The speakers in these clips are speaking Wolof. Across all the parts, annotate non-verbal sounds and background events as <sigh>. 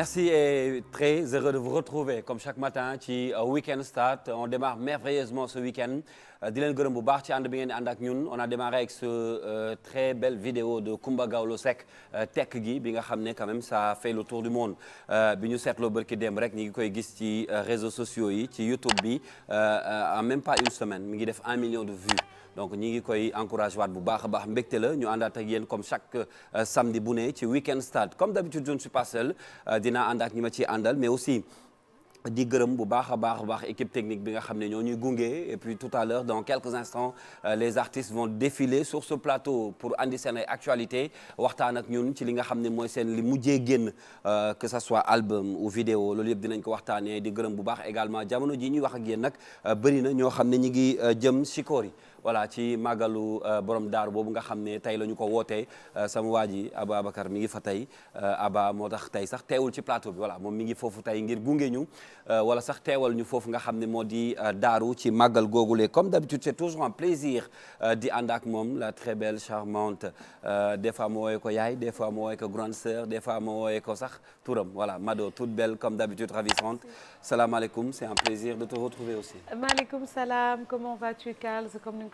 Merci et très heureux de vous retrouver comme chaque matin ci euh, Week-end Start. On démarre merveilleusement ce week-end di leen gërëm bu baax ci ànd bi ngeen di ànd ak ñun on a démarré avec ce euh, très belle vidéo de Kumba Gawlo Seck euh, tekk gi bi nga xam ne quand même ça fait le tour du monde euh, bi ñu seetloo ki dem rek ñi ngi koy gis ci euh, réseaux sociaux yi ci YouTube bi euh, en même pas une semaine mi ngi def un million de vues donc ñi ngi koy encouragé waat bu baax a baax mbégte la ñu àndaat ak yéen comme chaque samedi bu ne ci Weekend Stars comme d'habitude je ne suis dina ànd ak ñi ma ciy àndal mais aussi di gërëm bu baax a baax a baax équipe technique bi nga xam ne ñoo ñuy gunge et puis tout à l'heure dans quelques instants euh, les artistes vont défiler sur ce plateau pour andi seen ay actualité waxtaan ak ñun ci li nga xam ne mooy seen li mujjee génn euh, que ça soit album ou vidéo loolu yëpp dinañ ko waxtaanee di gërëm bu baax également jamono ji ñuy wax a yéen nag euh, bëri na ñoo xam ne ñi ngi jëm si koor yi voilà ci màggalu euh, borom daaru boobu nga xam ne tey la ñu ko wootee euh, sama waa ji Ababacar mi ngi fa tey euh, Aba moo tax tey sax teewul ci plateau bi voilà moom mi ngi foofu tey ngir gunge ñu wala sax teewal ñu foofu nga xam ne moo di daaru ci màggal googule comme d'habitude c'est toujours un plaisir di ànd ak moom la très belle charmante des fois ma wooye ko yaay des fois ma wooye ko grande sœur des fois ma wooye ko sax turam voilà Mado toute belle comme d'habitude ravissante salaamaaleykum c'est un plaisir de te retrouver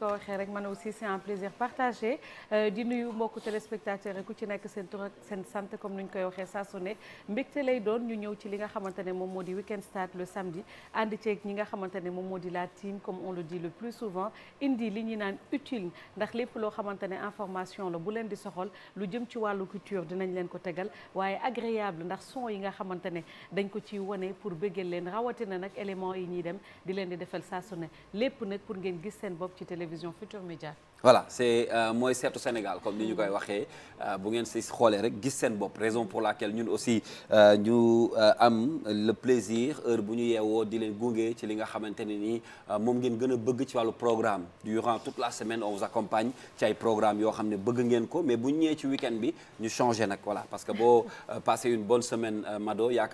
ko waxee rek man aussi c'est un plaisir partagé euh, di nuyu mbokku téléspectateurs yi ku ci nekk seen tur seen sant comme ni ñu koy waxee saa su ne mbégte lay doon ñu ñëw ci li nga xamante ne moom moo di weekend start le samedi ànd ceeg ñi nga xamante ne moom moo di la team comme on le dit le plus souvent indi li ñuy naan utile ndax lépp loo xamante ne information la bu leen di soxal lu jëm ci wàllu culture dinañ leen ko tegal waaye agréable ndax son yi nga xamante ne dañ ko ci wane pour bëggal leen rawatina nag éléments yi ñuy dem di leen di defal saa su lépp nag pour ngeen gis seen bopp ci télévision télévision Futur Média voilà c'est euh, mooy seetu Sénégal comme ni ñu koy waxee euh, bu ngeen si xoolee rek gis seen bopp raison pour laquelle ñun aussi euh, ñu am le plaisir heure bu ñu yeewoo di leen gunge ci li nga xamante ne nii moom ngeen gën a bëgg ci wàllu programme durant toute la semaine on vous accompagne ci ay programme yoo xam ne bëgg ngeen ko mais bu ñu ñëwee ci week-end bi ñu changé nag voilà parce que boo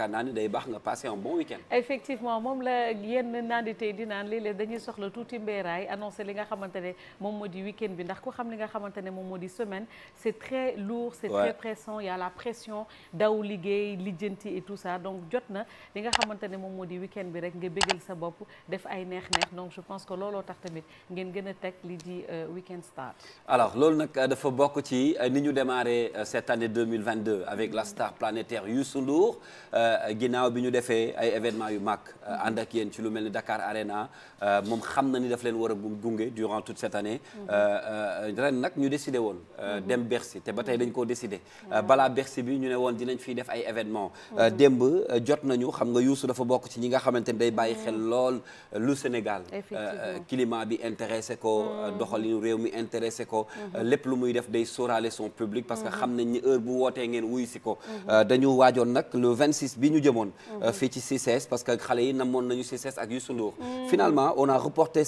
naa ne day baax nga passé un bon week effectivement moom la yenn naan tey di naan léeg-léeg dañuy soxla tuuti mbéeraay li nga xamante ne moom moo week bi ndax ku xam li nga xamante ne moom moo di semaine c'est très lourd c'est très pressant il la pression daw liggéey lijjanti et tout ça donc jot na li nga xamante ne moom moo di week bi rek nga bégal sa bopp def ay neex-neex donc je pense que looloo tax tamit ngeen gën a teg li di euh, week-end start alors loolu nag euh, dafa bokk ci euh, ni ñu démarré cette année 2022 avec la star planétaire Youssou Ndour ginnaaw bi ñu defee ay événement yu mag ànd ak yéen ci lu mel ni Dakar Arena moom xam na ni daf leen wara a gunge durant toute cette année mm-hmm. Euh, euh, ren nag ñu décidé woon euh, dem Bercy te ba tey dañ koo décidé balaa Bercy bi ñu ne woon dinañ fiy def ay événement démb jot nañu xam nga Youssou dafa bokk ci ñi nga xamante ni day bàyyi xel mm. lool lu Sénégal climat bi intéressé ko mm. doxalinu réew mi intéressé ko mm-hmm. lépp lu muy def day sorale son public parce que mm-hmm. xam nañ ni heure bu wootee ngeen wuy si ko mm-hmm. dañu waajoon nag le 26 bi ñu jëmoon fii ci si CCS parce que xale yi namoon nañu CCS ak Youssou Ndour mm. finalement on a reporté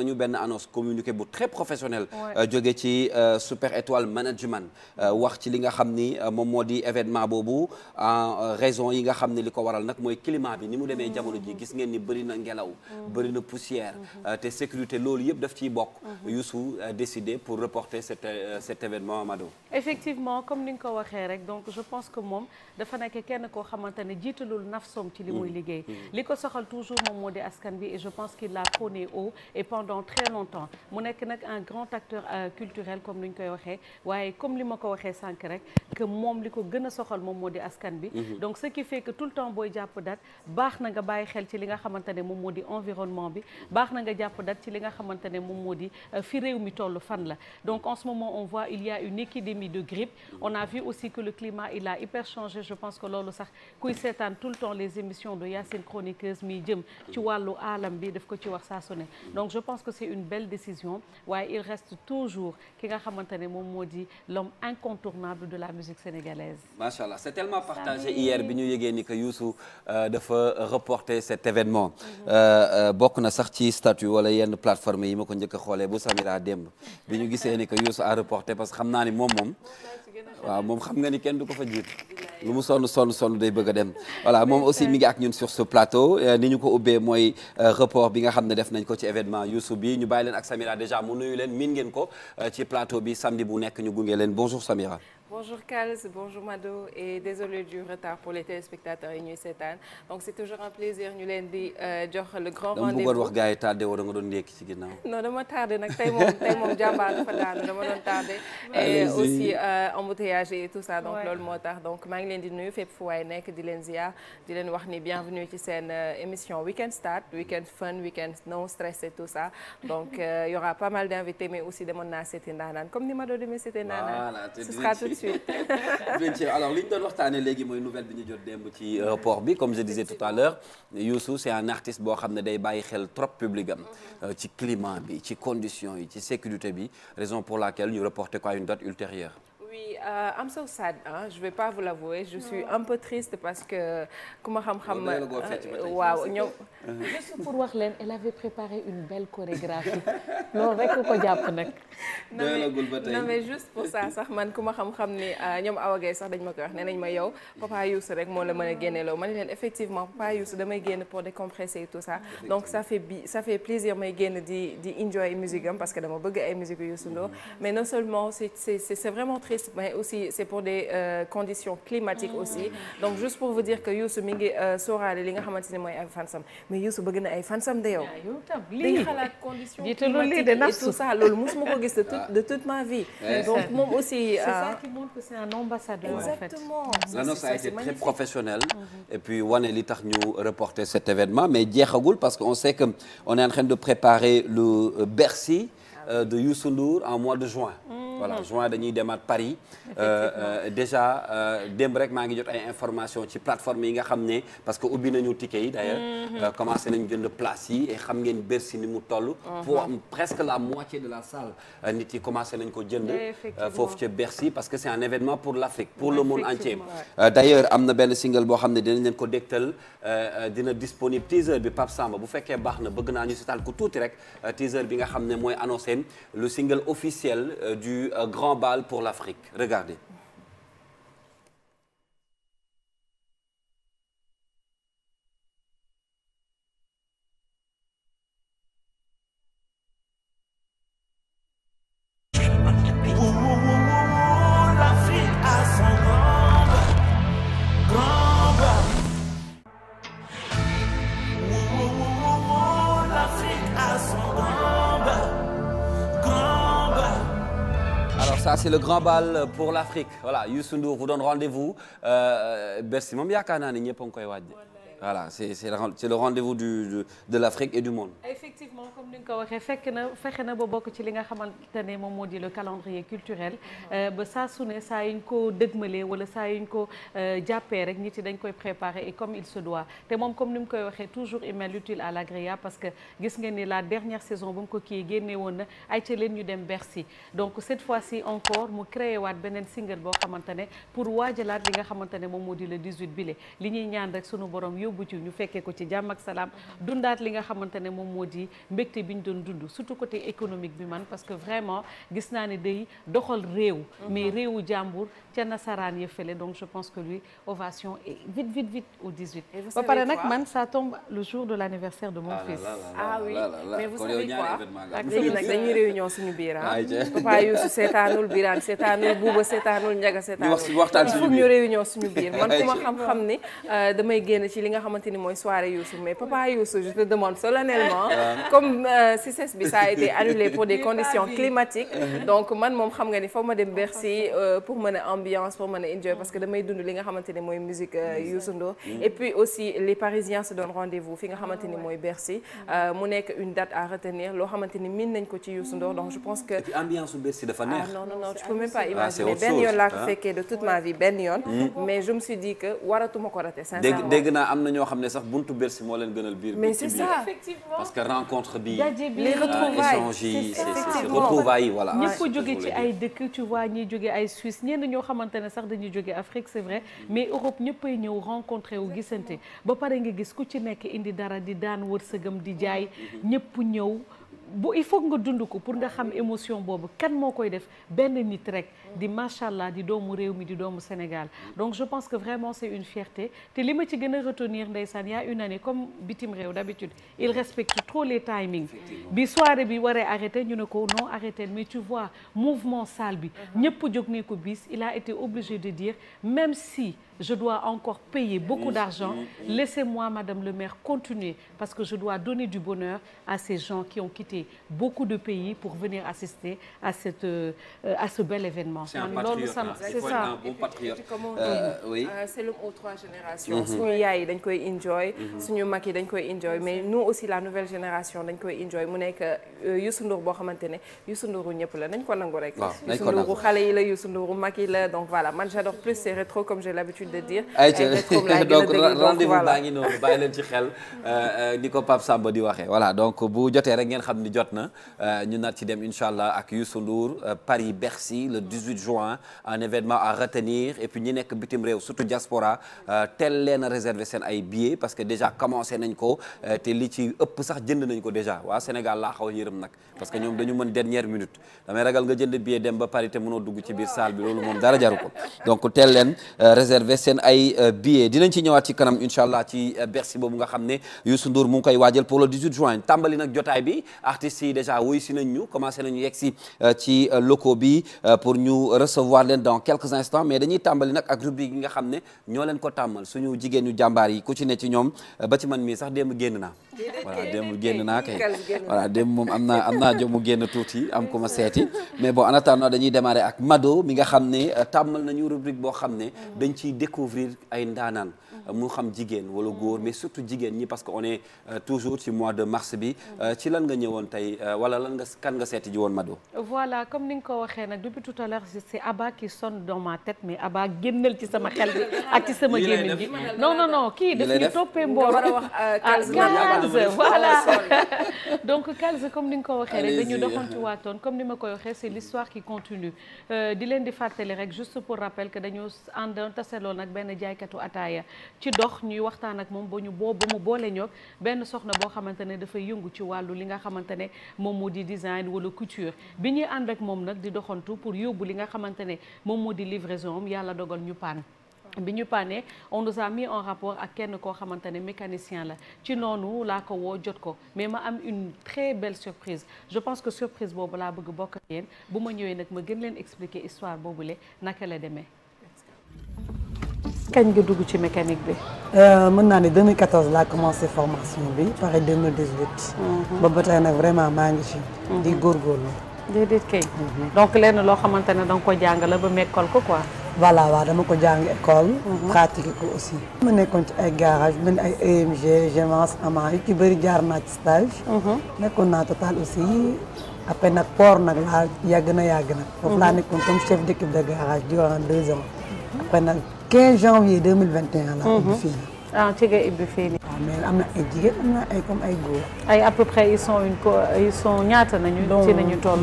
nañu benn annonce communiqué bu très professionnel euh, jóge ci euh, Super Étoile Management euh, wax ci li nga xam ni moom moo di événement boobu en raison yi nga xam ne li ko waral nag mooy climat bi ni mu demee jamono ji mm-hmm. gis ngeen ni bëri na ngelaw mm-hmm. bëri na poussière mm-hmm. te sécurité loolu yëpp daf ciy bokk yu su décidé pour reporter cet cet événement Amado effectivement comme ni nga ko waxee rek donc je pense que moom dafa nekk kenn koo xamante ne jiitalul nafsoom ci li muy liggéey pendant très longtemps mu nekk nag un grand acteur euh, culturel comme ni ñu koy waxee waaye comme li ma ko waxee sànq rek que moom li ko gën a soxal moom moo di askan bi mhm. donc ce qui fait que tout le temps booy jàpp date baax na nga bàyyi xel ci li nga xamante ne moom moo di environnement bi baax na nga jàpp dat ci li nga xamante ne moom moo di euh, fi réew mi toll fan la donc en ce moment on voit il y a une épidémie de grippe on a vu aussi que le climat il hyper changé je pense que loolu sax kuy seetaan le temps les émissions de Yacine chroniqueuse mi jëm ci wàllu alam bi daf ko ci wax saa su pense que c'est une belle décision waaye il reste toujours ki nga xamante ne moom moo di l'homme incontournable de la musique sénégalaise macha allah c'est tellement partagé Salut. hier bi ñu yëgee ni que Youssou euh, dafa reporter cet événement mhm. euh, euh, bokk na sax ci statut wala yenn plateforme yi ma ko njëkk a xoolee bu Samira démb bi ñu gisee ni que Youssou a reporté parce que xam na ni moom moom waaw moom xam nga ni kenn du ko fa jiit lu mu sonn sonn sonn day bëgg a dem voilà moom aussi mi ngi ak ñun sur ce plateau euh, ni ñu ko ubbee mooy euh, report bi nga xam ne def nañ ko ci événement Youssou bi ñu bàyyi leen ak Samira déjà mu nuyu leen miin ngeen ko euh, ci plateau bi samedi bu nekk ñu gunge leen bonjour Samira Bonjour Kals, bonjour Mado et désolé du retard pour les téléspectateurs yi ñuy seetaan donc c'est toujours un plaisir ñu leen di euh, jox le grand rendez-vous. dama bëggoon wax gars yi tardé woo da nga doon nekk ci ginnaaw. non dama tardé nag tey moom tey moom jàmbaar dafa daanu dama doon tardé. et aussi euh, embouteillage et tout ça donc loolu moo tax donc maa ngi leen di nuyu fépp fu waay nekk di leen ziar di leen wax ni bienvenue ci seen euh, émission weekend start weekend fun weekend non stress et tout ça donc y aura pas mal d'invités mais aussi demoon naa seeti ndaanaan comme ni Mado demee seeti ndaanaan. voilà suite. <laughs> alors li ñu doon léegi mooy nouvelle bi jot démb ci euh, port bi comme je disais tout à l'heure Youssou c'est un artiste boo xam ne day bàyyi xel trop public mhm. euh, ci climat bi ci condition yi ci sécurité bi raison pour laquelle ñu reporté ko à une date ultérieure. suis uh, I'm so sad hein je vais pas vous l'avouer je suis un peu triste parce que ku ma xam-xam. waaw ñoom. <laughs> Uh-huh. juste pour wax leen elle avait préparé une belle chorégraphie loolu rek ku jàpp nag. <laughs> non mais juste pour ça sax man ku ma xam-xam ni euh, ñoom Awa Gueye sax dañ ma ko wax ne nañ ma yow Papa Youssou rek moo la mën a loo ma leen effectivement Papa Youssou damay génn pour décompresser et tout ça donc ça fait plaisir may génn di di enjoy musique am parce que dama bëgg ay musique Youssou Ndour mm-hmm. mais non seulement tourisme mais aussi c'est pour des euh, conditions climatiques mm. aussi donc juste pour vous dire que Youssou mi ngi euh, sóoraale li nga xamante ne mooy ay fansam mais Youssou bëgg na ay fansam de yow. lii xalaat conditions climatiques et tout ça loolu mosuma ko gis de toute de toute ma vie. <laughs> donc moom aussi. c'est ça euh, qui montre que c'est un ambassadeur. en fait exactement mm. l'annonce a été très professionnelle. Mm-hmm. et puis wane li tax ñu reporter cet événement mais jeexagul parce que on sait que on est en train de préparer le euh, Bercy ah de Youssou Ndour en mois de juin. Mm. voilà mmh. juin dañuy demaat Paris. Euh, euh, déjà euh, démb rek maa ngi jot ay information ci plateforme yi nga xam ne parce que ubbi nañu ticket yi d'ailleurs. Mmh. commencé nañu jënd place yi et xam ngeen Bercy ni mu toll. Mmh. pour am presque la moitié de la salle nit yi commencé nañ ko jënd. foofu ca Bercy parce que c'est un événement pour l'Afrique pour le monde entier. d'ailleurs am na benn single boo xam ne dinañ leen ko dégtal dina disponible teaser bi Pape Samba bu fekkee baax na bëgg naa ñu seetal ko tuuti rek teaser bi nga xam ne mooy annoncé le single officiel du. plus grand bal pour l'Afrique. Regardez. c'est le grand bal pour l'Afrique voilà Youssou Ndour vous donne rendez-vous Bercy euh, moom yaakaar naa ne ñëpp a ngi koy waaj. voilà c'est le rendez-vous de, l'Afrique et du monde. effectivement comme ni nga ko waxee fekk na fexe na ba bokk ci li nga xamante ne moom moo di le calendrier culturel euh, ba sa su ne saa yuñ ko dëgmalee wala saa yuñ ko euh, jàppee rek nit yi dañ koy préparer et comme il se doit te moom comme ni mu koy waxee toujours il met l'utile à l'agréable parce que gis ngeen ni la dernière saison ba mu ko kii génne woon na ay ca leen ñu dem Bercy donc cette fois-ci encore mu créé waat beneen single boo xamante ne pour waajalaat li nga xamante ne moom moo di le 18 bile li ñuy ñaan rek sunu yóbbu ci ñu fekkee ko ci jàmm ak salaam dundaat li nga xamante ne moom moo di mbégte bi ñu doon dund surtout côté économique bi man parce que vraiment gis naa ne day doxal réew mhm. mais réewu jàmbur ca nasaraan ya fële donc je pense que lui ovation et vite vite vite au 18 ba pare nag man ça tombe le jour de l'anniversaire de mon ah fils là, là, ah là, ah oui mais vous savez quoi léegi nag dañuy réunion suñu biir ah. <laughs> papa Youssou seetaanul Birane seetaanul Bouba seetaanul Ndiaga seetaanul il faut ñu réunion suñu biir man ku ma xam-xam euh, nga xamante ni mooy solennellement <laughs> comme CICES euh, bi ça a été annulé pour des conditions climatiques <laughs> donc man moom xam nga ni foo ma Bercy euh, pour mën a ambiance pour mën enjoy parce que mm. damay dund li nga xamante ni mooy musique euh, Youssou mm. et puis aussi les Parisiens se donnent rendez fi nga ah xamante ni mooy Bercy mm. mu donc je pense que ambiance Bercy dafa ah, neex non non non tu peux même pas ah, imaginer benn de toute ma vie benn mais je me suis ñoo xam ne sax buntu Bercy moo leen gënal biir. mais c'est ça parce que rencontre bi. daje bi les retrouvailles effectivement retrouvailles voilà. ñëpp jóge ci ay dëkk tu vois ñiy jóge ay Suisse ñenn ñoo xamante ne sax dañuy jóge Afrique c'est vrai mm. mais Europe ñëppay ñëw rencontré wu gisante ba pare nga gis ku ci nekk indi dara di daan wërsëgam di jaay mm-hmm. ñëpp ñëw. bu il faut nga dund ko pour nga xam mm-hmm. émotion boobu kenn moo koy def benn nit rek di macha allah di doomu réew mi di doomu Sénégal donc je pense que vraiment c'est une fierté te li ma ci gën a retenir ndeysaan y a une année comme bitim réew d'habitude il respecte trop les timings bi soirée bi waree arrêté ñu ne ko non arrêté mais tu vois mouvement salle bi uh-huh. ñëpp jóg ne ko bis il a été obligé de dire même si je dois encore payer beaucoup mmh, d'argent mmh, mmh. laissez-moi madame le maire continuer parce que je dois donner du bonheur à ces gens qui ont quitté beaucoup de pays pour venir assister exactement man loolu sama c'est ça comme on euh, dit euh, c'est l'homme aux trois générations mhm. suñu yaay yi dañ koy enjoy mhm. suñu mag yi dañ koy enjoy mais nous aussi la nouvelle génération dañ koy enjoy mu nekk euh, Youssou Ndour boo xamante ne Youssou Ndouru ñëpp la nañ ko nangu rek Youssou Ndouru xale yi la Youssou Ndouru mag yi la donc voilà man j'adore plus ces rétro comme j'ai l'habitude de dire <laughs> donc rendez-vous baa ngi noonu bàyyi leen ci xel <laughs> ni ko Pape Samba di waxee voilà donc bu jotee rek ngeen xam ni jot na ñu naat ci dem incha allah ak Youssou Ndour Paris Bercy le 18 18 juin un événement à retenir et puis ñi nekk bitim réew surtout diaspora euh, teel leen a réserver seen ay billets parce que déjà commencé nañ ko euh, te ci ëpp sax jënd nañ ko déjà waa Sénégal laa xaw yërëm nag parce que ñoom dañu mën dernière minute damay ragal nga jënd billet dem ba Paris te dugg ci biir salle bi loolu moom dara jaru ko donc teel leen euh, réserver seen ay billets dinañ ci ñëwaat ci kanam incha allah ci Bercy boobu nga xam ne Youssou Ndour mu koy waajal ñu recevoir leen dans quelques instants mais dañuy tàmbali nag ak rubrique yi nga xam ne ñoo leen ko tàmmal suñu jigéen ñu jàmbaar yi ku ci ne ci ñoom euh, ba ci man mii sax démb génn naa voilà démb génn naa kay voilà démb moom am naa am naa jomu génn tuuti am ku ma seeti mais bon en attendant dañuy démarrer ak Mado mi nga xam ne euh, tàmmal nañu rubrique boo xam ne mm. dañ ci découvrir ay ndaanaan mu xam jigéen wala mm. góor mais surtout jigéen ñi parce que on est euh, toujours ci mois de mars bi mm. euh, ci lan nga ñëwoon tey euh, wala lan nga kan nga seeti ji woon ma Mado voilà comme ni nga ko waxee nag depuis tout à l'heure c'est Abba qui sonne dans ma tête mais ci sama xel <laughs> ak ci sama gémmiñ bi non non non kii daf ñu toppee mboor Calze voilà donc Calze comme ni nga ko waxee rek dañu doxantu waatoon comme ni ma koy waxee c'est l'histoire qui continue di leen di fàttali rek juste pour rappel que dañoo àndoon taseloon ak benn jaaykatu ataaya ci dox ñuy waxtaan ak moom ba ñu boobu ba mu boolee ñoog benn soxna boo xamante ne dafay yëngu ci wàllu li nga xamante ne moom moo di design wala couture bi ñuy ànd ak moom nag di doxantu pour yóbbu li nga xamante ne moom moo di livraison yàlla dogal ñu paan bi ñu paanee on nous a mis en rapport ak kenn koo xamante ne mécanicien la ci noonu laa ko woo jot ko mais ma am une très belle surprise je pense que surprise boobu laa bëgg bokk ak yéen bu ma ñëwee nag ma gën leen expliquer histoire boobule naka la demee. kañ nga dugg ci mécanique bi. Euh, mën naa ne 2014 laa commencé formation bi pare 2018. Mhm. ba ba tey nag vraiment maa ngi ci. Mhm. di góorgóorlu. déedéet kay. Mhm. donc lenn loo xamante ne da ko jàng la ba mekkal ko quoi. voilà waaw dama ko jàng école. pratiqué ko aussi. ma nekkoon ci ay garage mel ni ay EMG Gémence Ama yu ci bëri jaar naa ci stage. nekkoon naa total aussi. après nag port nag laa yàgg na yàgg nag. foofu laa nekkoon comme chef d'équipe de garage durant deux ans. 15 janvier 2021 la ubbi fii nii. ah ci nga ubbi fii nii. Ah, waaw mais am na ay am na ay comme ay góor. ay à peu près ils sont une ñaata nañu. donc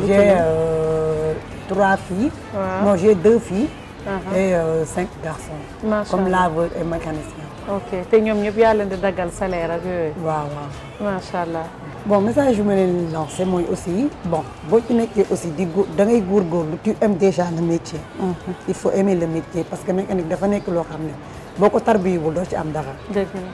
j'ai euh, trois filles. waaw non j'ai deux filles. Uh-huh. et euh, cinq garçons. macha allah comme laveur et mécanicien. ok te ñoom ñëpp yaa leen di daggal salaire ak yooyu. bon message yu ma leen lancé mooy aussi bon boo ci nekkee aussi di góor da ngay góorgóorlu tu aimes déjà le métier. Mhm. il faut aimer le métier parce que mécanique dafa nekk loo xam ne boo ko wul doo ci am dara.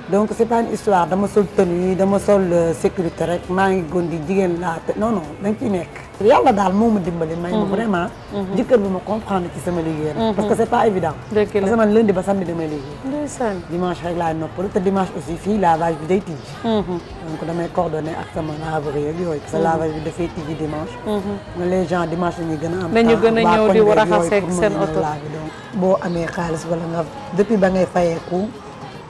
donc c'est pas une histoire dama sol tenue da sol euh, sécurité rek maa ngi gondi jigéen laa non non dañ ci nekk. yàlla daal moo ma dimbali may ma mhm. vraiment mhm. jëkkër bi ma comprendre ci sama liggéey rek parce que mhm. c'est pas évident parce que man lundi ba samedi damay liggéey dimanche rek laay noppalu te aussi fii lavage bi day tijji donc damay coordonné ak sama laverie ak yooyu parce que lavage bi dafay tijji dimanche ma les dimanche lañuy gën am na gën a ñëw di raxaseeg seen oto donc boo amee xaalis wala nga depuis ba ngay fayeeku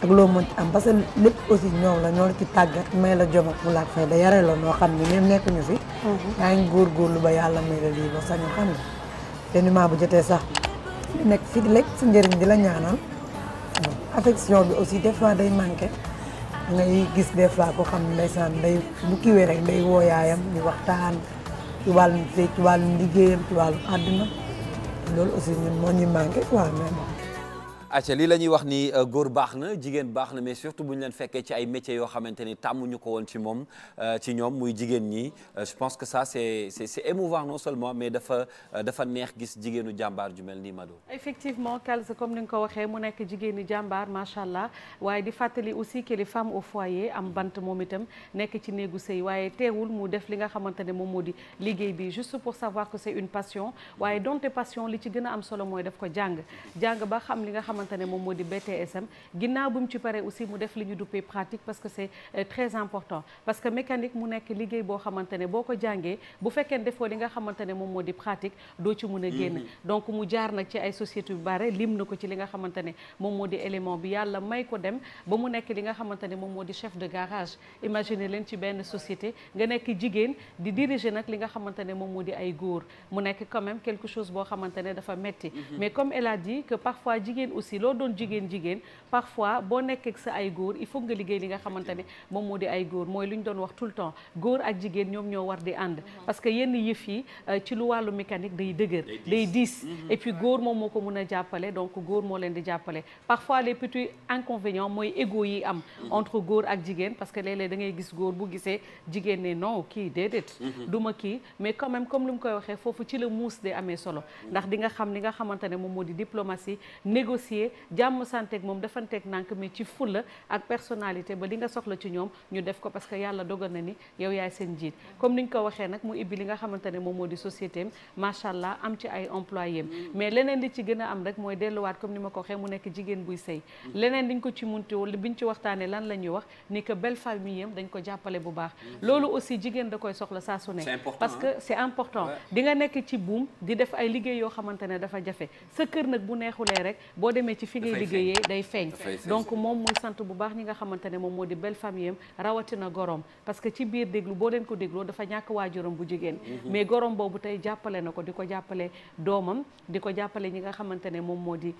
ak loo mën ci am parce que lépp aussi ñoow la ñoo la ci tàggat may la jom ak mu fay da yare la noo xam ne ñoom nekkuñu fi mhm. yaa góor góorgóorlu ba yàlla may la lii ba sañu xam ne deniment bu jotee sax di nekk fi di lekk sa njëriñ di la ñaanal affection bi aussi des fois day manqué ngay gis des fois ko xam ne saan day bu kiwee rek day woo yaayam ñu waxtaan ci wàllum ci wàllum liggéeyam ci wàllum àdduna loolu aussi ñun moo ñu manqué quoi même acca lii la wax ni euh, góor baax na jigéen baax na mais surtout bu ñu leen fekkee ci ay métiers yoo xamante ni tàmmuñu ko woon ci moom euh, ci ñoom muy jigéen ñi euh, je que ça c'est c'est c'est émouvant mais dafa dafa neex gis jigéenu jàmbaar ju mel ni Mado effectivement Kalsa comme ni nga ko waxee mu nekk jigéenu jàmbaar macha allah waaye di fàttali aussi que les au foyer am bant moom itam nekk ci néegu sëy waaye teewul mu def li nga xamante ne moom moo di liggéey bi juste pour savoir une passion waaye donte passion li ci gën a am solo mooy daf ko jàng jàng ba xam li nga xamante xamante ne moom moo di BTSM ginnaaw bu mu def li duppee pratique parce que c'est euh, très important parce que mécanique mu nekk liggéey boo xamante ne boo ko jàngee bu fekkee defoo li nga xamante ne moom moo di pratique doo ci mën a génn mm-hmm. donc mu jaar nag ci ay société yu bare lim na ko ci li nga xamante ne moom moo di élément bi yàlla may ko dem ba mu nekk li nga xamante ne moom moo di chef de garage imagine leen ci benn société nga nekk jigéen di diriger nag li nga xamante ne moom moo di ay góor mu nekk quand même quelque chose boo xamante ne dafa metti mm-hmm. si loo doon jigéen jigéen parfois boo nekkee ak sa ay góor il faut nga liggéey li nga xamante moom moo di ay góor mooy lu ñu doon wax tout temps góor ak jigéen ñoom ñoo war di ànd parce que yenn yëf yi euh, ci lu wàllu mécanique day dëgër day diis mhm. et puis góor moom moo ko mun a jàppale donc góor moo leen di jàppale parfois les petits inconvénients mooy égo yi am mhm. entre góor ak jigéen parce que léeg-léeg da gis góor bu gisee jigéen ne non kii déedéet mhm. du ma kii mais quand même comme lu mu koy waxee foofu ci la muus de amee solo ndax di nga xam li nga xamante ne moom moo di diplomatie négocier jàppanteeg nànk mi ci fulla ak personnalité ba li nga soxla ci ñoom ñu def ko parce que yàlla dogal na ni yow yaay seen jiit comme ni ñu ko waxee nag mu ibbi li nga xamante moom moo di société am allah am ci ay employés mm. mais leneen li ci gën a am rek mooy delluwaat comme ni ma ko waxee mu nekk jigéen buy sëy mm. leneen liñ ko ci munti biñ ci waxtaanee lan la wax ni que belle famille am dañ ko jàppale bu baax mm. loolu aussi jigéen da koy soxla sa donc moom muy sant bu baax ñi nga xamante ne moom moo di belle famille am rawatina gorom parce que ci biir déglu boo leen ko dégloo dafa ñàkk waajuram bu jigéen mhm. mais gorom boobu tey jàppale na ko di ko jàppale doomam di ko jàppale ñi nga xamante ne moom moo di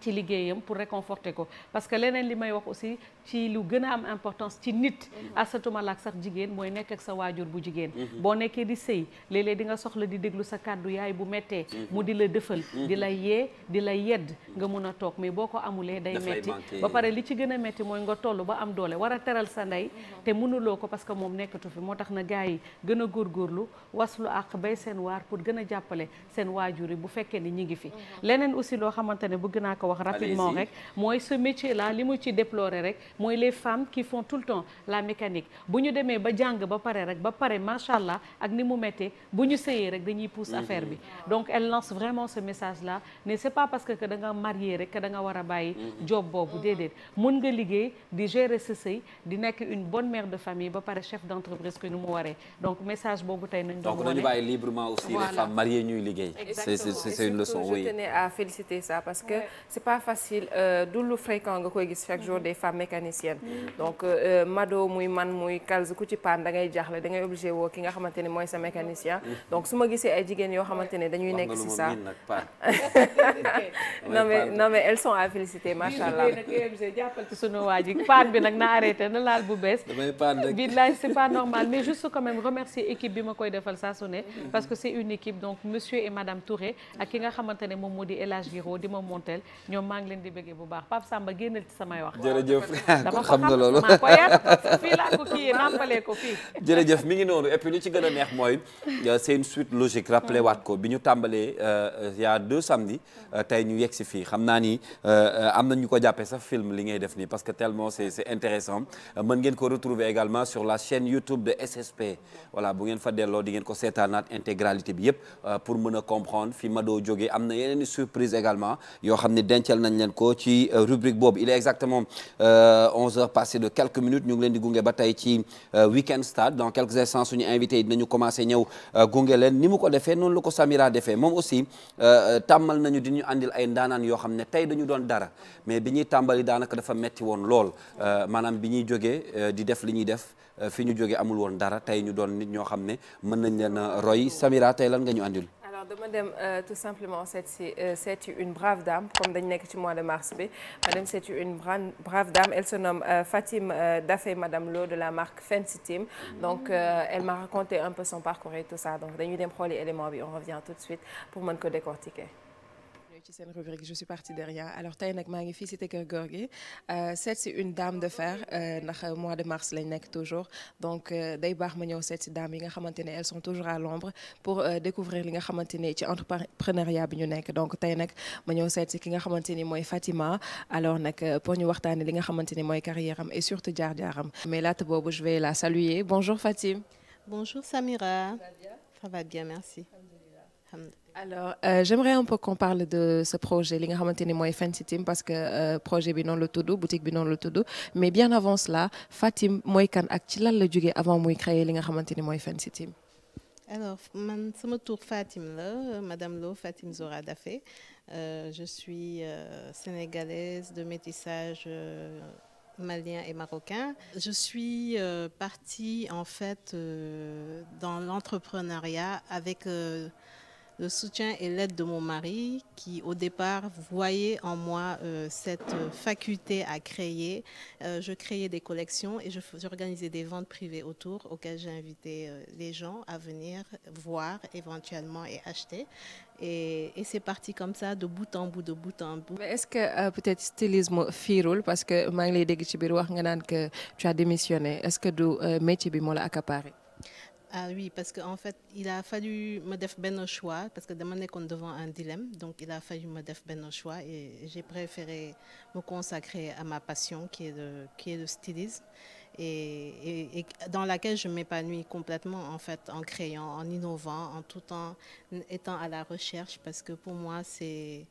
ci liggéeyam pour réconforter ko parce que leneen li may wax aussi ci lu gën a am importance ci nit mhm. asatuma laak sax jigéen mooy nekk ak sa waajur bu jigéen mhm. boo nekkee di sëy léeg-léeg soxla di déglu sa kàddu yaay bu mettee mhm. mu di la dëfal di la yee di la yedd nga mun a toog mais boo ko amulee day metti ba pare li ci gën a metti mooy nga toll ba am doole war teral sa ndey te mënuloo ko parce que moom nekkatu fi moo tax na gars yi gën a góorgóorlu waslu àq bay seen waar pour gën a jàppale seen waajur yi bu fekkee ni ñi ngi fi leneen aussi loo xamante bëgg naa ko wax rapidement rek mooy ce métier là li mu ci déplorer rek mooy les femmes qui font tout le temps la mécanique bu ñu demee ba jàng ba pare rek ba pare macha allah ak ni mu méttee bu ñu sëyee rek dañuy pousse mm-hmm. affaire bi donc elle lance vraiment ce message là ne c'est pas parce que que da nga rek que war a bàyyi mm-hmm. job boobu déedéet mën nga liggéey di gérer sa sëy di nekk une bonne mère de famille ba pare chef d'entreprise que nu mu waree donc message boobu tey c'est pas facile euh, du lu nga koy gis chaque jour mm-hmm. des femmes mécaniciennes. Mm-hmm. donc euh, euh, Mado muy man muy Kalz ku ci paan da ngay jaaxle da ngay obligé woo ki nga xamante ne mooy sa mécanicien. Mm-hmm. donc su ma gisee ay jigéen yoo xamante ne dañuy nekk si ça. <laughs> non mais non mais elles sont à féliciter macha allah. jàppal waa ji paan bi nag na arrêté na laal bu bees. damay paan rek billaay c'est pas normal mais juste quand même remercier équipe bi ma koy defal sa su ne. parce que c'est une équipe donc monsieur et madame Touré ak ki nga xamante ne moom moo di El Hadj di ma montel ñoom maa ngi leen di bëggee bu baax Pape Samba génnal ci samay wax. jërëjëf kon xam na xam fii laa ko kii nampalee ngi noonu et puis ci gën a neex mooy euh, seen une suite logique rappelé waat ko bi ñu tàmbalee euh, y a deux samedi euh, tey ñu yegg si fii xam naa ni am na ñu ko jàppee sax film li ngay def nii parce que tellement c'est c'est intéressant mën ngeen ko retrouver également sur la chaîne YouTube de SSP bu ngeen fa delloo di ko seetaanaat intégralité bi yëpp pour mën a comprendre fi Mado jógee am na yeneen surprise également yoo xam ne dencal nañ leen ko ci euh, rubrique boobu il est exactement 11 euh, heures passées de quelques minutes ñu ngi leen di gunge ba tey ci euh, weekend stade dans quelques instants suñu invité yi dinañu commencé ñëw gunge leen ni mu ko defee noonu la ko Samira defee moom aussi tàmmal nañu di ñu andil ay ndaanaan yoo xam ne tey dañu doon dara mais bi ñuy tàmbali daanaka dafa metti woon lool maanaam bi ñuy jógee di def li ñuy def fi ñu jógee amul woon dara tey ñu doon nit ñoo xam ne mën nañ leen a roy Samira lan nga ñu andil. alors dama dem euh, tout simplement seet si euh, seeti une brave dame comme dañ nekk ci mois de mars bi ma dem une brave dame elle se nomme euh, Fatim Dafé madame Lo de la marque Fancy Team donc elle m'a raconté un peu son parcours et tout ça donc dañuy dem xooli élément bi on revient tout de suite pour mën ko ñëw ci seen rubrique je suis partie de rien alors tey nag maa ngi fii cité Keur Gorgui euh, seet si une dame de fer euh, ndax mois de mars lañ nekk toujours donc euh, day baax ma ñëw seet si dame yi nga xamante ne elles sont toujours à l'ombre pour découvrir li nga xamante ne ci entrepreneuriat bi ñu nekk donc tey nag ma ñëw seet si ki nga xamante ni mooy Fatima alors nag pour ñu waxtaanee li nga xamante ni mooy carrière am et surtout jaar-jaaram mais laata boobu je vais la saluer bonjour Fatim. bonjour Samira. ça va bien ça va bien merci. alhamdulilah. alors euh, j'aimerais un peu qu'on parle de ce projet li nga xamante ni mooy Fancy parce que euh, projet bi noonu la tudd boutique bi noonu la tudd mais bien avant cela Fatim mooy kan ak ci lan la jógee avant muy créer li nga xamante ni mooy Fancy Team sama tour Fatim la madame Lo Fatim Zora Dafé euh, je suis euh, sénégalaise de métissage euh, malien et marocain. Je suis euh, partie en fait dans l'entrepreneuriat avec le soutien et l'aide de mon mari qui au départ voyait en moi euh, cette euh, faculté à créer. Euh, je créais des collections et j'organisais des ventes privées autour auxquelles j'ai invité euh, les gens à venir voir éventuellement et acheter. Et, et c'est parti comme ça de bout en bout de bout en bout. Mais est-ce que euh, peut-être stylisme fiirul parce que maa ngi lay dégg ci biir wax nga naan que tu as démissionné est-ce que du euh, métier bi moo la accaparé ah oui parce que en fait il a fallu me def benn choix parce que dama nekkoon devant un dilemme donc il a fallu me def benn choix et j'ai préféré me consacrer à ma passion qui est le qui est le stylisme et et, et dans laquelle je m'épanouis complètement en fait en créant en innovant en tout en étant à la recherche parce que pour moi c'est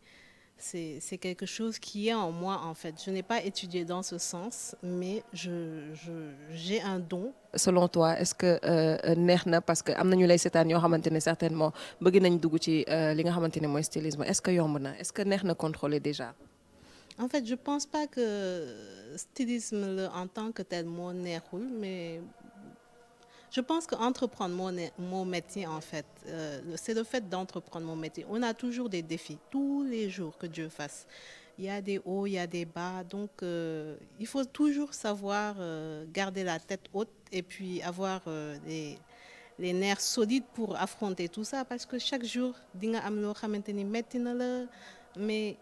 c'est quelque chose qui est en moi en fait. Je n'ai pas étudié dans ce sens, mais je j'ai un don. selon toi est-ce que euh, neex na parce que am na ñu lay seetaan yoo xamante ne certainement bëgg nañ dugg ci euh, li nga xamante ne mooy stylisme est-ce que yomb na est-ce que neex na contrôler déjà. en fait je pense pas que stylisme la en tant que tel moo neexul Je pense qu'entreprendre mon, mon métier, en fait, euh, c'est le fait d'entreprendre mon métier. On a toujours des défis, tous les jours que Dieu fasse. Il y a des hauts, il y a des bas. Donc, euh, il faut toujours savoir euh, garder la tête haute et puis avoir des, euh, les nerfs solides pour affronter tout ça. Parce que chaque jour, dinga am lo xamanteni metti na la mais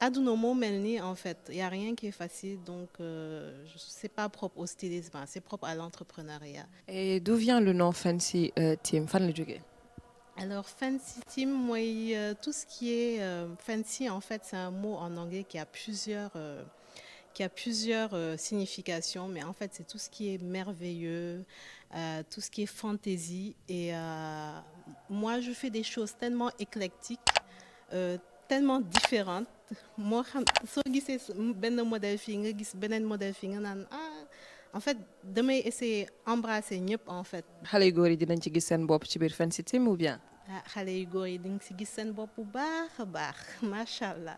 aduna moo mel nii en fait y a rien qui est facile donc euh, c'est pas propre au stylisme c'est propre à l'entrepreneuriat. et d'où vient le nom Fancy euh, fan la jógee. alors Fancy mooy euh, tout ce qui est euh, en fait c'est un mot en anglais qui a plusieurs euh, qui euh, significations mais en fait c'est tout ce qui est merveilleux tout ce qui est fantaisie et je fais des choses tellement éclectiques. tellement différente moo xam soo gisee benn modèl fii nga gis beneen modèl fii nga naan ah en fait damay essayer embrasser ñëpp en fait. xale yu góor yi dinañ ci gis seen bopp ci biir Fancy Team ou bien. ah xale yu góor yi dañ si gis seen bopp bu baax a baax <laughs> macha allah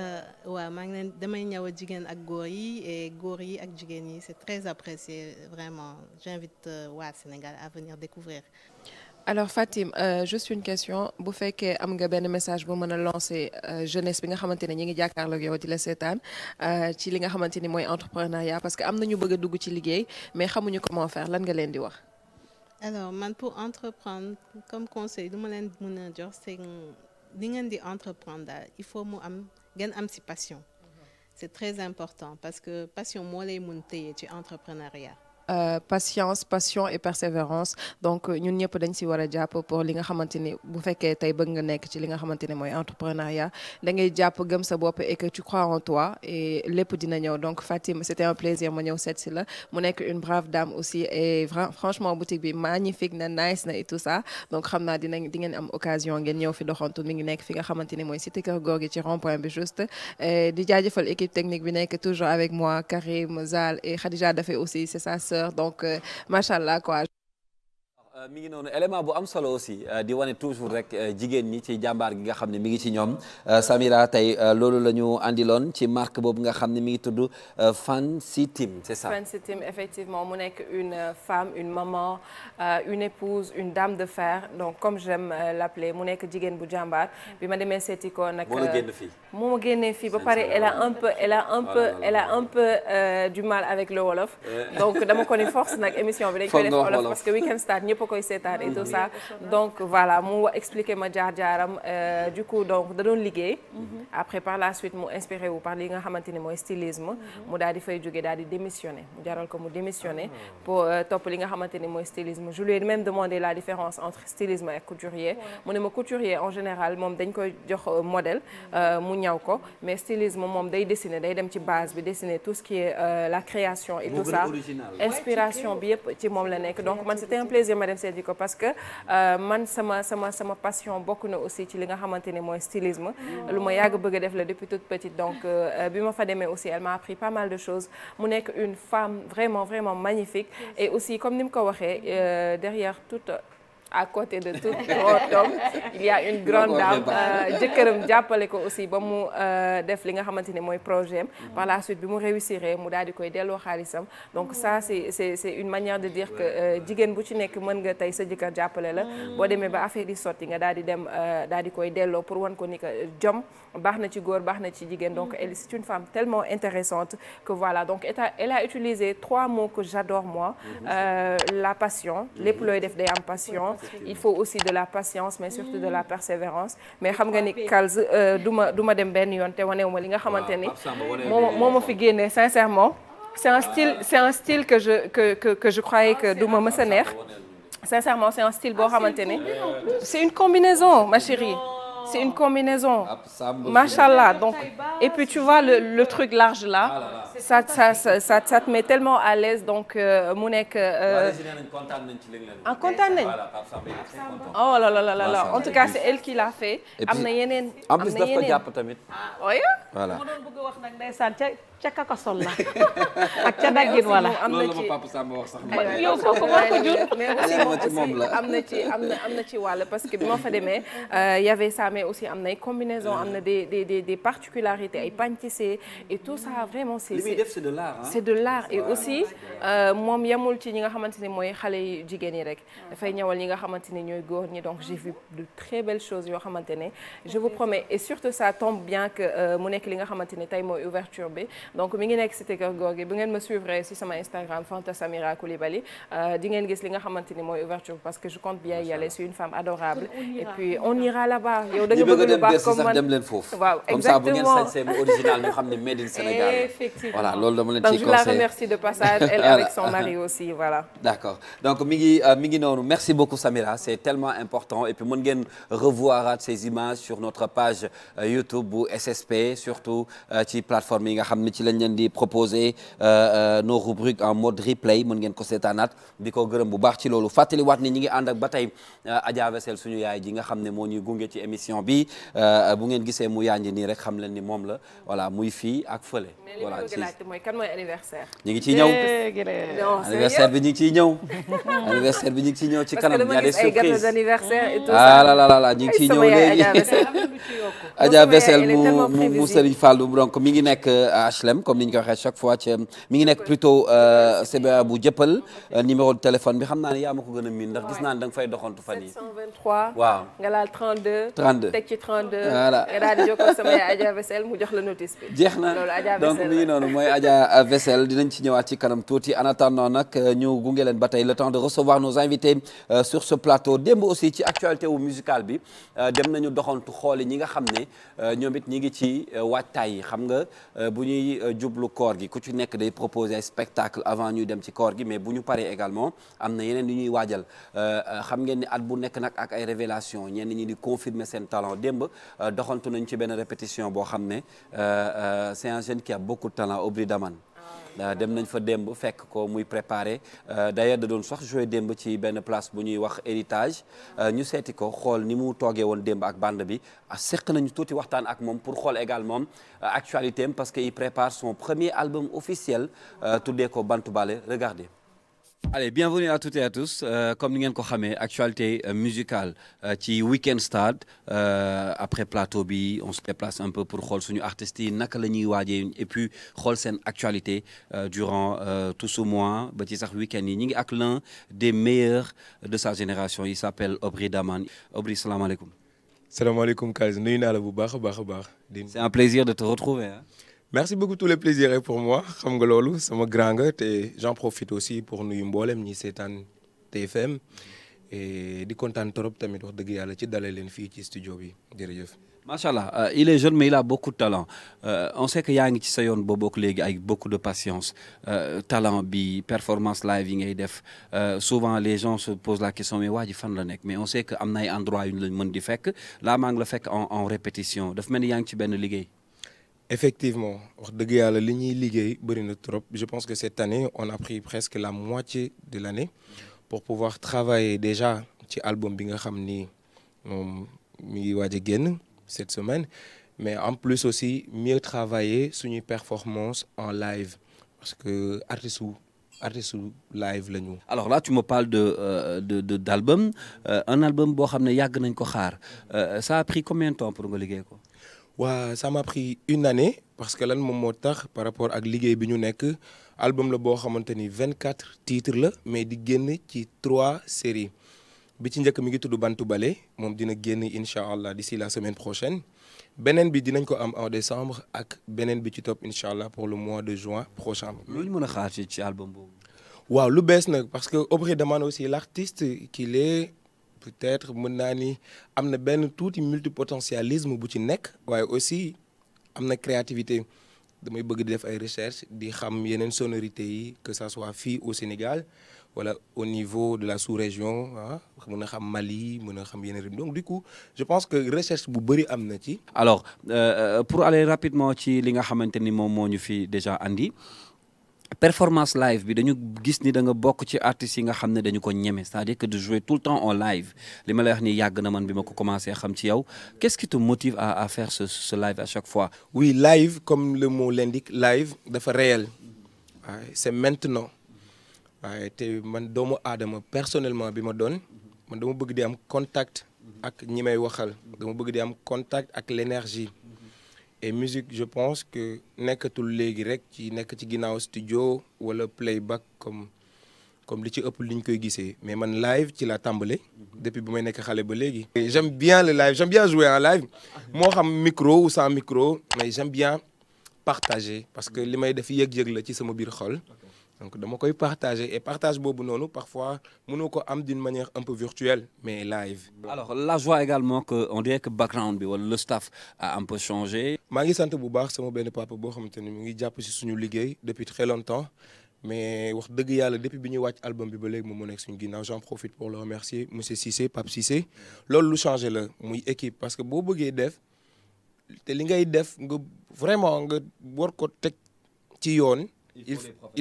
euh, waaw maa ngi leen damay ñaw a jigéen ak góor yi et góor yi ak jigéen yi c'est très apprécié vraiment j'invite euh, waa Sénégal à venir découvrir alors Fatim euh, juste une question bu fekkee am nga benn message boo mën a lancer euh, jeunesse bi nga xamante ne ñi ngi jàkkaarloog yow di la seetaan euh, ci li nga xamante ni mooy entrepreneuriat parce que am na ñu bëgg a dugg ci liggéey mais xamuñu comment faire lan nga leen di wax. alors man pour entreprendre comme conseil du ma leen mën a jox c'est li ngeen di entreprendre il faut mu am ngeen am si passion. Mhm. c'est très important parce que passion moo lay mun téye ci entrepreneuriat. Euh, patience passion et persévérance donc euh, ñun ñëpp dañ si war a jàpp pour li nga xamante ni bu fekkee tey bëgg nga nekk ci li nga xamante ni mooy entrepreneuriat da ngay jàpp gëm bopp et que tu crois en toi et lépp dina ñëw donc Fatim c'était un plaisir ma ñëw si la mu nekk une brave dame aussi et franchement boutique bi magnifique na nice na et tout ça donc xam naa dinañ di ngeen am occasion ngeen ñëw fi doxantu mi ngi nekk fi nga xamante ni mooy si Kër Gorgui ci rond technique bi nekk toujours avec moi Karim Zal et donc euh, macha allah quoi Euh, mi ngi noonu élément bu am solo aussi euh, di wane toujours rek euh, jigéen ñi ci jàmbaar gi nga xam ne mi ngi ci ñoom Samira tey loolu la ñu àndiloon ci marque boobu nga xam ne mi ngi tudd Fancy Team c'est ça Fancy Team effectivement mu nekk une femme une maman une épouse une dame de fer donc comme j'aime l'appeler mu nekk jigéen bu jàmbaar bi ma demee seeti ko nag moo génn fii moo ma génnee fii ba pare elle a un peu elle a un peu elle a un mal avec le wolof donc dama ko force nag émission bi dañ <laughs> wolof parce que Weekend Stars ñëpp koy seetaan et ah, tout ça donc voilà mu expliqué ma jaar-jaaram euh, du coup donc da doon liggéey mhm. après par la suite mu inspiré wu par li nga xamante ni mooy stylisme mhm. mu daal di fay jóge daal di démissionné mu jaral ko mu démissionné ah. pour euh, topp li nga xamante ni mooy stylisme je lui ai même demandé la différence entre stylisme et couturier mu ne ma couturier en général moom dañ koy jox euh, modèle mhm. mu ñaw ko mais stylisme moom day dessiner day dem ci base bi dessiner tout ce qui est la création et tout ça inspiration bi dem seeti ko parce que euh, man sama sama sama passion bokk na aussi ci li nga xamante ne mooy stylisme lu ma yàgg bëgg a def la depuis toute petite donc euh, euh, bi ma fa demee aussi elle m'a appris pas mal de choses mu une femme vraiment vraiment magnifique et aussi comme ni mu ko derrière toute à côté de tout homme il y une grande dame euh, jëkkëram jàppale ko aussi ba mu euh, def li nga xamante ne mooy projet am mm-hmm. par la suite bi mu réussir mu daal di koy delloo xaalisam donc ça mm-hmm. c'est c'est c'est une manière de dire que euh, jigéen bu ci nekk mën nga tey sa jëkkër jàppale la mm-hmm. boo demee ba affaire yi sotti nga daal di dem daal di koy delloo pour wan ko ni que jom baax na ci góor baax na ci jigéen donc elle c'est une femme tellement intéressante que voilà donc elle a utilisé trois mots que j'adore moi euh, la passion lépp looy def day am passion il faut aussi de la patience mais surtout de la mm. persévérance mais xam nga ni Kals euh, du ma du ma dem benn yoon te wanewu ma li nga xamante ni moo moo ma fi génnee sincèrement c'est un style c'est un style que je que que, que je croyais que du ma mës a neex sincèrement c'est un style boo ah, xamante ni c'est une combinaison ma chérie C'est une combinaison. Ah, Machallah. Donc, et puis tu vois le, le truc large là, ah, là, là. Ça, te met tellement à l'aise. Donc, euh, mon nek. Euh, en contact. Oh là là En tout cas, c'est elle qui l'a fait. Amna yenen. En am na yenen ah, <laughs> papa Samba wax sax yow kooku moo ko jur <laughs> am na ci am na am na ci wàll parce que bi ma fa demee euh, y avait ça amee aussi am na ay am na des des des des particularités ay pagne et tout ça vraiment c'est de l'art c'est de l'art et aussi euh, moom yemul ci ñi nga xamante ne mooy xale yu jigéen yi rek dafay ñëwal ñi nga xamante ne ñooy góor ñi donc j'ai vu de très belles choses yoo xamante ne je vous promets et surtout ça tombe bien que euh, mu nekk li nga xamante ne tey mooy ouverture bi donc mi ngi nekk cité Keur Gorgui bu ngeen ma suivre ci sama Instagram Fanta Samira Koulibaly euh, di ngeen gis li nga xamante ne mooy ouverture parce que je compte y aller une femme adorable ñëw da nga bëgg lu baax comme man dem leen foofu waaw exactement comme ça bu ngeen sañsee bu original ñu xam ne made in Sénégal effectivement voilà loolu dama leen ciy conseil donc je la remercie de passage elle <laughs> avec son mari aussi voilà d'accord donc mi ngi euh, mi ngi noonu merci beaucoup Samira c'est tellement important et puis mën ngeen revoir ces images sur notre page euh, YouTube bu SSP surtout euh, ci plateforme yi nga xam ne ci lañ leen di proposer nos rubriques en mode replay mën ngeen ko seetaanaat di ko gërëm bu baax ci loolu fàttaliwaat ni ñi ngi ànd ak ba tey Adja Wessel suñu yaay ji nga xam ne moo ñuy gunge ci émission émission bi euh, bu ngeen gisee mu yaaññi nii rek xam leen ni moom la voilà muy fii ak fële. voilà ci mooy kan mooy anniversaire. ñu ngi ciy ñëw anniversaire bi ñu ngi ciy ñëw. <laughs> anniversaire bi ñu ci ñëw ci kanam ñaari surprise ah la la la ñu ngi ciy ñëw léegi. Adja Bessel <laughs> mu mu mu Serigne Fallou donc mi ngi nekk HLM euh, comme ni ñu ko waxee chaque fois ci mi ngi nekk plutôt euh, CBA bu jëppal numéro de téléphone bi xam naa ne yaa ma ko gën a miin ndax gis naa dang fay doxantu fa yi. 32 teg ci 32. voilà daal mu jox la notice bi. jeex na donc mi noonu mooy Adja Vessel dinañ ci ñëwaat ci kanam tuuti en attendant nag ñu gunge leen ba tey le temps de recevoir nos invités euh, sur ce plateau démb aussi ci actualité wu musicale bi euh, dem nañu doxantu xooli ñi nga xam ne euh, ñoom it ñi ngi ci waajtaay yi xam nga bu ñuy jublu koor gi ku ci nekk day proposer spectacle avant ñuy dem ci koor gi mais bu ñu paree également am na yeneen yu ñuy waajal xam nge ni at bu nekk nag seen talent démb euh, doxantu nañ ci benn répétition boo xam ne euh, euh, c'est un jeune qui a beaucoup de talent Aubry Daman dem nañ fa démb fekk ko muy préparé d'ailleurs da doon sax joué démb ci benn place bu ñuy wax héritage ñu seeti ko xool ni mu toogee woon démb ak bande bi ah, seq nañu tuuti waxtaan ak moom pour xool également actualité am parce que il prépare son premier album officiel tuddee ko Bantubale regardez Allez, bienvenue à toutes et à tous. Euh, comme nous le actualité euh, musicale qui euh, Weekend Start. Euh, après plateau bi, on se déplace un peu pour voir nos artistes, et puis voir cette actualité euh, durant tout ce mois. Petit week-end, avec l'un des meilleurs de sa génération. Il s'appelle Aubry Daman. Aubry, salam alaikum. Salam baax Kaz. C'est un plaisir de te retrouver. Hein? merci beaucoup tout le plaisir pour moi xam nga loolu sama grand nga te j'en profite aussi pour nuyu mboolem ñi seetaan te TFM e di kontaan trop tamit wax dëgg yàlla ci dalal leen fii ci studio bi jërëjëf. macha allah euh, il est jeune mais il a beaucoup de talent euh, on sait que yaa ngi ci sa yoon boo bokk léegi avec beaucoup de patience euh, talent bi performance live yi ngay def souvent les gens se posent la question mais waa ji fan la nekk mais on sait que am na ay endroit yu ñu di fekk là maa la fekk en en répétition daf mel ni yaa ngi benn liggéey. Effectivement, liggéey je pense que cette année, on a pris presque la moitié de l'année pour pouvoir travailler déjà a génn cette semaine, mais en plus aussi mieux travailler sur une performance en live. Parce que artiste live la ñu. alors là tu me parles de euh, de de d' album euh, un album boo xam ne yàgg nañ ko xaar euh, ça a pris combien de temps pour nga liggéey ko. waa ça pris une année parce que lan moom moo tax par rapport ak liggéey bi ñu nekk album la boo xamante ni vingt quatre titres la mais di génn ci trois séries bi ci njëkk mi ngi tudd Bantu Bale moom dina génn incha allah d'ici la semaine prochaine beneen bi dinañ ko am en décembre ak beneen bi ci topp incha allah pour le mois de juin prochain. loolu mën a xaar ci album boobu. waaw lu bees nag parce que Aubrey Daman aussi l'artiste qu'il est peut-être mën naa ni am na benn tuuti multipotentialisme bu ci nekk waaye aussi am na créativité damay bëgg di def ay recherche di xam yeneen sonorités yi que ça soit fii au Sénégal wala au niveau de la sous-région ah mën a xam Mali mën a xam yeneen réew donc du coup je pense que recherche bu bëri am na ci. alors euh, euh, pour aller rapidement ci li nga xamante ni moom moo ñu fi déjà andi. performance live bi dañu gis ni da nga bokk ci artistes yi nga xam ne dañu ko ñeme c'est-à-dire que de jouer tout le temps en live li ma wax ni yàgg na man bi ma ko commencé xam ci yow qu'est-ce qui te motive à à faire ce ce live à chaque fois. oui live comme le mot l'indique live dafa réel waaye c'est maintenant waaye te man doomu aadama personnellement bi ma doon man dama bëgg di am contact ak ñi may waxal dama bëgg di am contact ak l'énergie. et musique je pense que nekkatul léegi rek ci nekk ci ginnaaw studio wala playback comme comme li ci ëpp li koy gisee mais man live ci la tàmbale depuis bu may nekk xale ba léegi. j'aime bien le live j'aime bien jouer en live moo xam micro ou sans micro mais j'aime bien partager parce que li may def yëg-yëg la ci sama biir xol. donc dama koy partager et partage boobu noonu parfois mënoo ko am d'une manière un peu virtuelle mais live. alors la joie également que on dirait que background bi wala le staff a un peu changé. maa ngi sant bu baax sama benn papa boo xamante ni mu ngi jàpp ci suñu liggéey depuis très longtemps mais wax dëgg yàlla depuis bi ñuy wàcc album bi ba léegi moo nekk suñu ginnaaw j'en profite pour le remercier monsieur Cissé loolu lu changé la muy équipe parce que boo bëggee def te li ngay def nga vraiment nga war ko teg ci yoon. il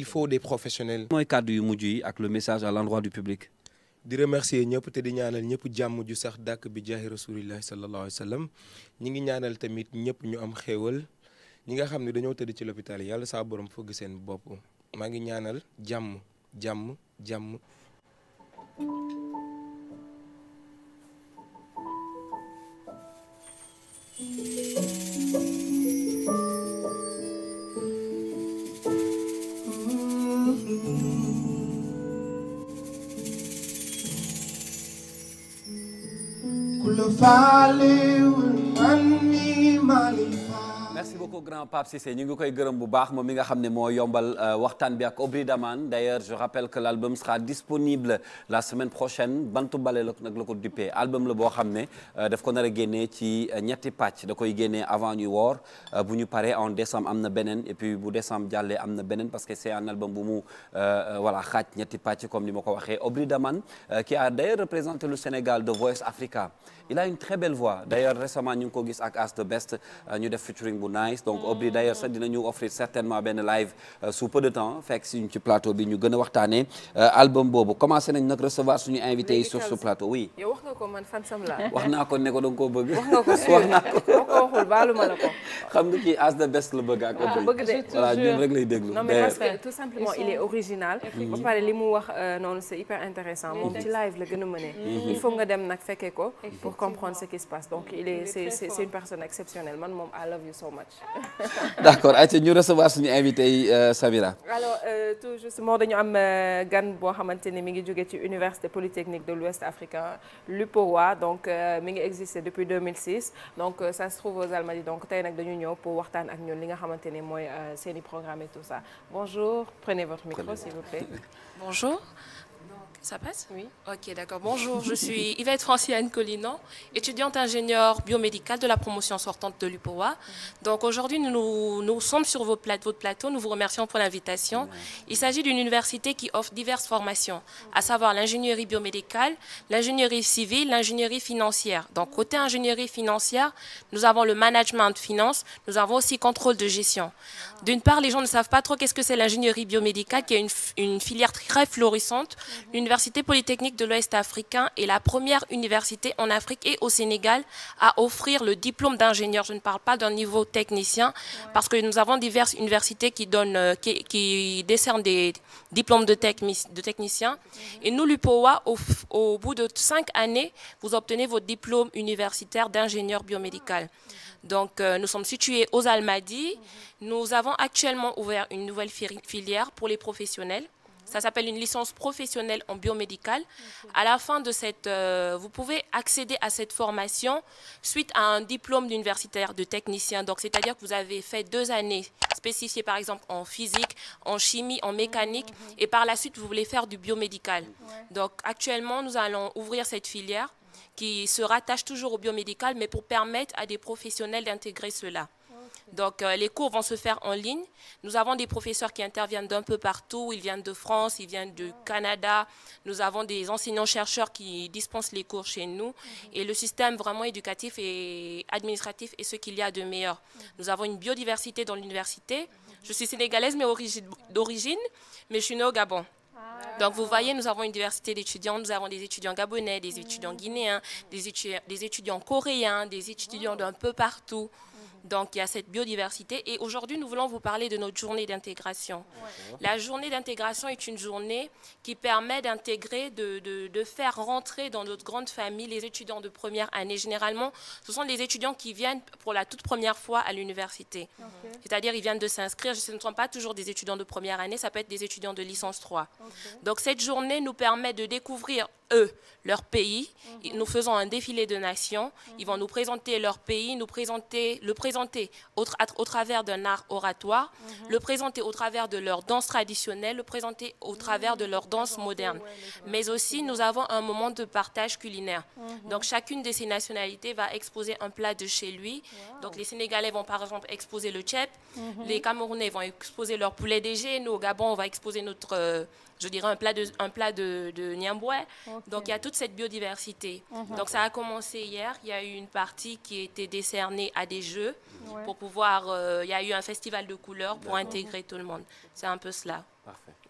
faut, de faut mooy kàddu yu mujj yi ak le message à l'endroit du public. di remercier ñëpp te di ñaanal ñëpp jàmm ju sax dàkk bi jaahi rasulillah sallallahu alayhi wa ñi ngi ñaanal tamit ñëpp ñu am xéewal ñi nga xam ne dañoo tëdd ci l'hôpital yàlla saa borom fëgg seen bopp maa ngi ñaanal jàmm jàmm jàmm. faale wul man mi mali merci beaucoup grand Pape Cissé ñu ngi koy gërëm bu baax moom mi nga xam ne moo yombal euh, waxtaan bi ak Aubry d'ailleurs je rappelle que l'album sera disponible la semaine prochaine bantu bale la ko duppee album la boo xam ne euh, daf ko nar a génnee ci euh, ñetti pàcc da koy génnee avant ñuy woor bu ñu paree en décembre am na beneen et puis bu décembre jàllee am na beneen parce que c'est un album bu mu voilà ñetti pàcc comme ni ma ko waxee Aubry Daman a d'ailleurs représenté le Sénégal de Voice Africa il a une très nice donc Obli mm. d'ailleurs sax dinañu offrir certainement benn live euh, sous peu de temps fekk si ñu ci plateau bi ñu gën a waxtaanee euh, album boobu commencé nañ nag recevoir suñu invité yi sur ce plateau oui. yow wax nga ko man fan sam la <laughs> wax naa ko ne ko da nga bëgg. wax nga ko <laughs> wax naa ko ko. xam nga kii as the best la bëgg ak Obli. Ah, bëgg de voilà déglu. mais parce que tout simplement il est original. ba pare li mu wax euh, noonu c'est hyper intéressant moom ci live la gën a mënee. Mm-hmm. il faut nga dem nag fekkee ko pour comprendre ce qui se passe donc il est c'est c'est une personne exceptionnelle man moom I love you so <laughs> d' accord ayca ñu recevoir suñu invité yi euh, Samira. alors euh, tout justement dañu am euh, gan boo xamante ni mi ngi jóge ci université polytechnique de l'ouest africain l'UPOA donc euh, mi ngi existé depuis 2006 donc ça se trouve aux Almadies donc tey nag dañu ñëw pour waxtaan ak ñun li nga xamante ni mooy seen programme et tout ça bonjour prenez votre micro s'il vous plaît. bonjour. Ça passe Oui. Ok, d'accord. Bonjour, je suis <laughs> Yvette Franciane Collinan, de la promotion de l'UPOA. Donc aujourd'hui, nous, sommes sur votre plateau. Nous vous remercions pour l'invitation. Il s'agit d'une université qui offre diverses formations, à savoir l'ingénierie biomédicale, l'ingénierie civile, l'ingénierie financière. Donc contrôle de gestion. D'une part, les gens ne savent pas trop qu'est-ce que c'est l'ingénierie biomédicale, qui est une, filière très florissante. l'Université polytechnique de l'Ouest africain est la première université en Afrique et au Sénégal à offrir le diplôme d'ingénieur. Je ne parle pas d'un niveau technicien parce que nous avons diverses universités qui, donnent, euh, qui, des diplômes de, technici, de technicien. Mhm. Et nous, l'UPOA, au, au, bout de cinq années, vous obtenez votre diplôme universitaire d'ingénieur biomédical. Mhm. Euh, nous sommes situés aux Almadies. Mhm. Nous avons actuellement ouvert une nouvelle filière pour les professionnels. Ça s'appelle une licence professionnelle en biomédical. À la fin de cette, euh, vous pouvez à cette formation suite à un diplôme d'universitaire de technicien. Donc, c'est-à-dire que vous avez fait deux années spécifiées, par exemple, en physique, en chimie, en mécanique, mm -hmm. et par la suite, vous voulez faire du biomédical. actuellement, nous allons ouvrir cette filière qui se rattache toujours au biomédical, mais pour permettre à des professionnels d'intégrer cela. Donc euh, les cours vont se faire en ligne. Nous avons des professeurs qui interviennent d'un peu partout. Ils viennent de France, ils viennent du Canada. Nous avons des enseignants-chercheurs qui dispensent les cours chez nous. Mhm. Et le système éducatif et administratif est ce qu'il y a de meilleur. Mhm. Nous avons une biodiversité dans l'université. Mhm. Je suis sénégalaise mais d'origine, mais je suis au Gabon. Ah. nous avons une diversité d'étudiants. gabonais, des étudiants Donc il y a cette biodiversité. Et aujourd'hui, nous voulons vous parler de notre journée d'intégration. La journée d'intégration est une journée qui permet d'intégrer, de, faire rentrer dans notre grande famille les étudiants de première année. Généralement, ce sont les étudiants qui viennent pour la toute première fois à l'université. C'est-à-dire, ils viennent de s'inscrire. Ce ne sont pas toujours des étudiants de première année, ça peut être des étudiants eux, leur pays. Mhm. Nous faisons un défilé de nations. Ils vont mhm. nous présenter leur pays, nous présenter, le présenter au, travers d'un art oratoire, mhm. le présenter au travers de leur danse traditionnelle, le présenter au travers de leur danse moderne. Mais aussi, nous avons un moment de partage culinaire. chacune de ces nationalités va exposer un plat de chez lui. les Sénégalais vont par exemple exposer le tchèp, les Camerounais vont exposer leur poulet DG, nous au Gabon, on je dirais, un plat de, un plat de, de okay. Donc, il y a toute cette biodiversité. Mm-hmm. Donc, ça a commencé hier. Il y a eu une partie qui a été décernée à des jeux ouais. pour pouvoir... Euh, il y a eu un festival de couleurs pour D'accord. intégrer tout le monde. C'est un peu cela. Parfait.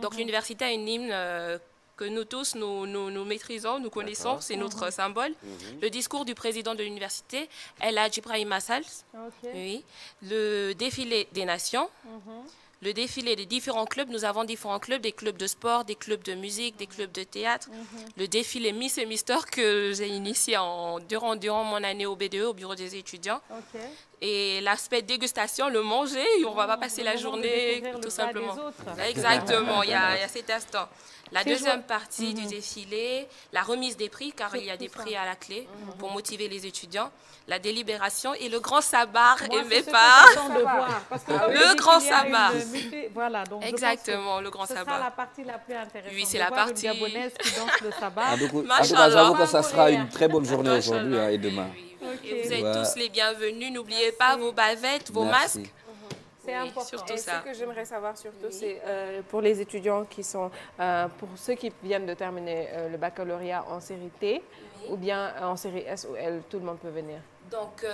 Donc mmh. l'université a une hymne euh, que nous tous, nous, nous, nous maîtrisons, nous connaissons, c'est notre mmh. symbole. Mmh. Le discours du président de l'université, El Hadj Ibrahim Assal, okay. oui. le défilé des nations, mhm. le défilé des différents clubs. Nous avons différents clubs, des clubs de sport, des clubs de musique, des clubs de théâtre. Mm -hmm. Le défilé Miss et Mister que j'ai initié en, durant, durant mon année au BDE, au bureau des étudiants. Okay. Et l'aspect dégustation, le manger, on ne va pas oh, passer la journée, tout simplement. Exactement, il y, a, il y, a cet instant. La deuxième partie du mm-hmm. défilé, la remise des prix, car il y a des prix à la clé mm-hmm. pour motiver les étudiants, la délibération et le grand sabbat aimé par le euh, exactement, le grand sabbat. C'est la partie la plus intéressante. Oui, c'est la partie. Gabonaise qui danse le sabbat. j'avoue et demain. Et vous êtes tous les bienvenus. N'oubliez pas vos bavettes, vos masques. C'est oui, important. Et ça. c'est euh, pour les étudiants qui sont, euh, pour ceux qui viennent de terminer euh, le baccalauréat en série T ou bien en série S tout le monde peut venir. Donc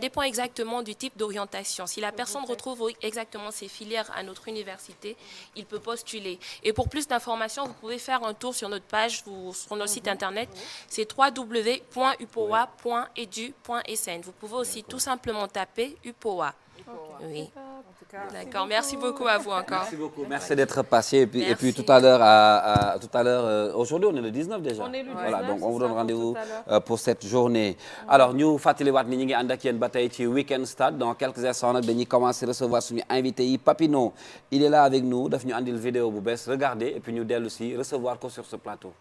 dépend exactement du type d'orientation. Si la mhm. personne retrouve exactement ses filières à notre université, il peut postuler. Et pour plus d'informations, vous pouvez faire un tour sur notre page sur notre site mhm. internet. C'est www.upoa.edu.sn. Vous pouvez aussi tout simplement taper UPOA. Okay. Oui. D'accord. Merci beaucoup à vous encore. Merci beaucoup. Merci d'être passé. Et puis, Merci. tout à l'heure, euh, aujourd'hui, on est le 19 déjà. voilà, donc on rendez-vous euh, pour cette journée. Alors, ñu fàttaliwaat ni ñu ngi ànd ak yéen ba tey ci Week-end Stars dans quelques instants nag dañuy commencer recevoir suñu invité yi il est là avec nous daf ñu andil vidéo bu bees regardez et puis ñu dellu si recevoir ko sur ce plateau.